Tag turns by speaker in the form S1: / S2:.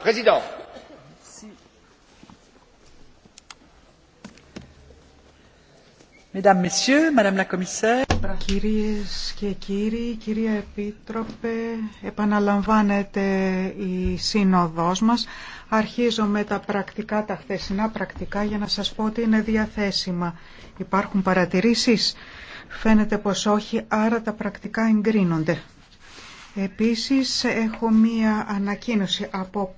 S1: Président.
S2: Mesdames, Messieurs, Madame la Commissaire. Κυρίες και κύριοι, κυρία Επίτροπε, επαναλαμβάνεται η σύνοδός μας. Αρχίζω με τα πρακτικά, τα χθεσινά πρακτικά, για να σας πω ότι είναι διαθέσιμα. Υπάρχουν παρατηρήσεις. Φαίνεται πως όχι, άρα τα πρακτικά εγκρίνονται. Επίσης έχω μία ανακοίνωση από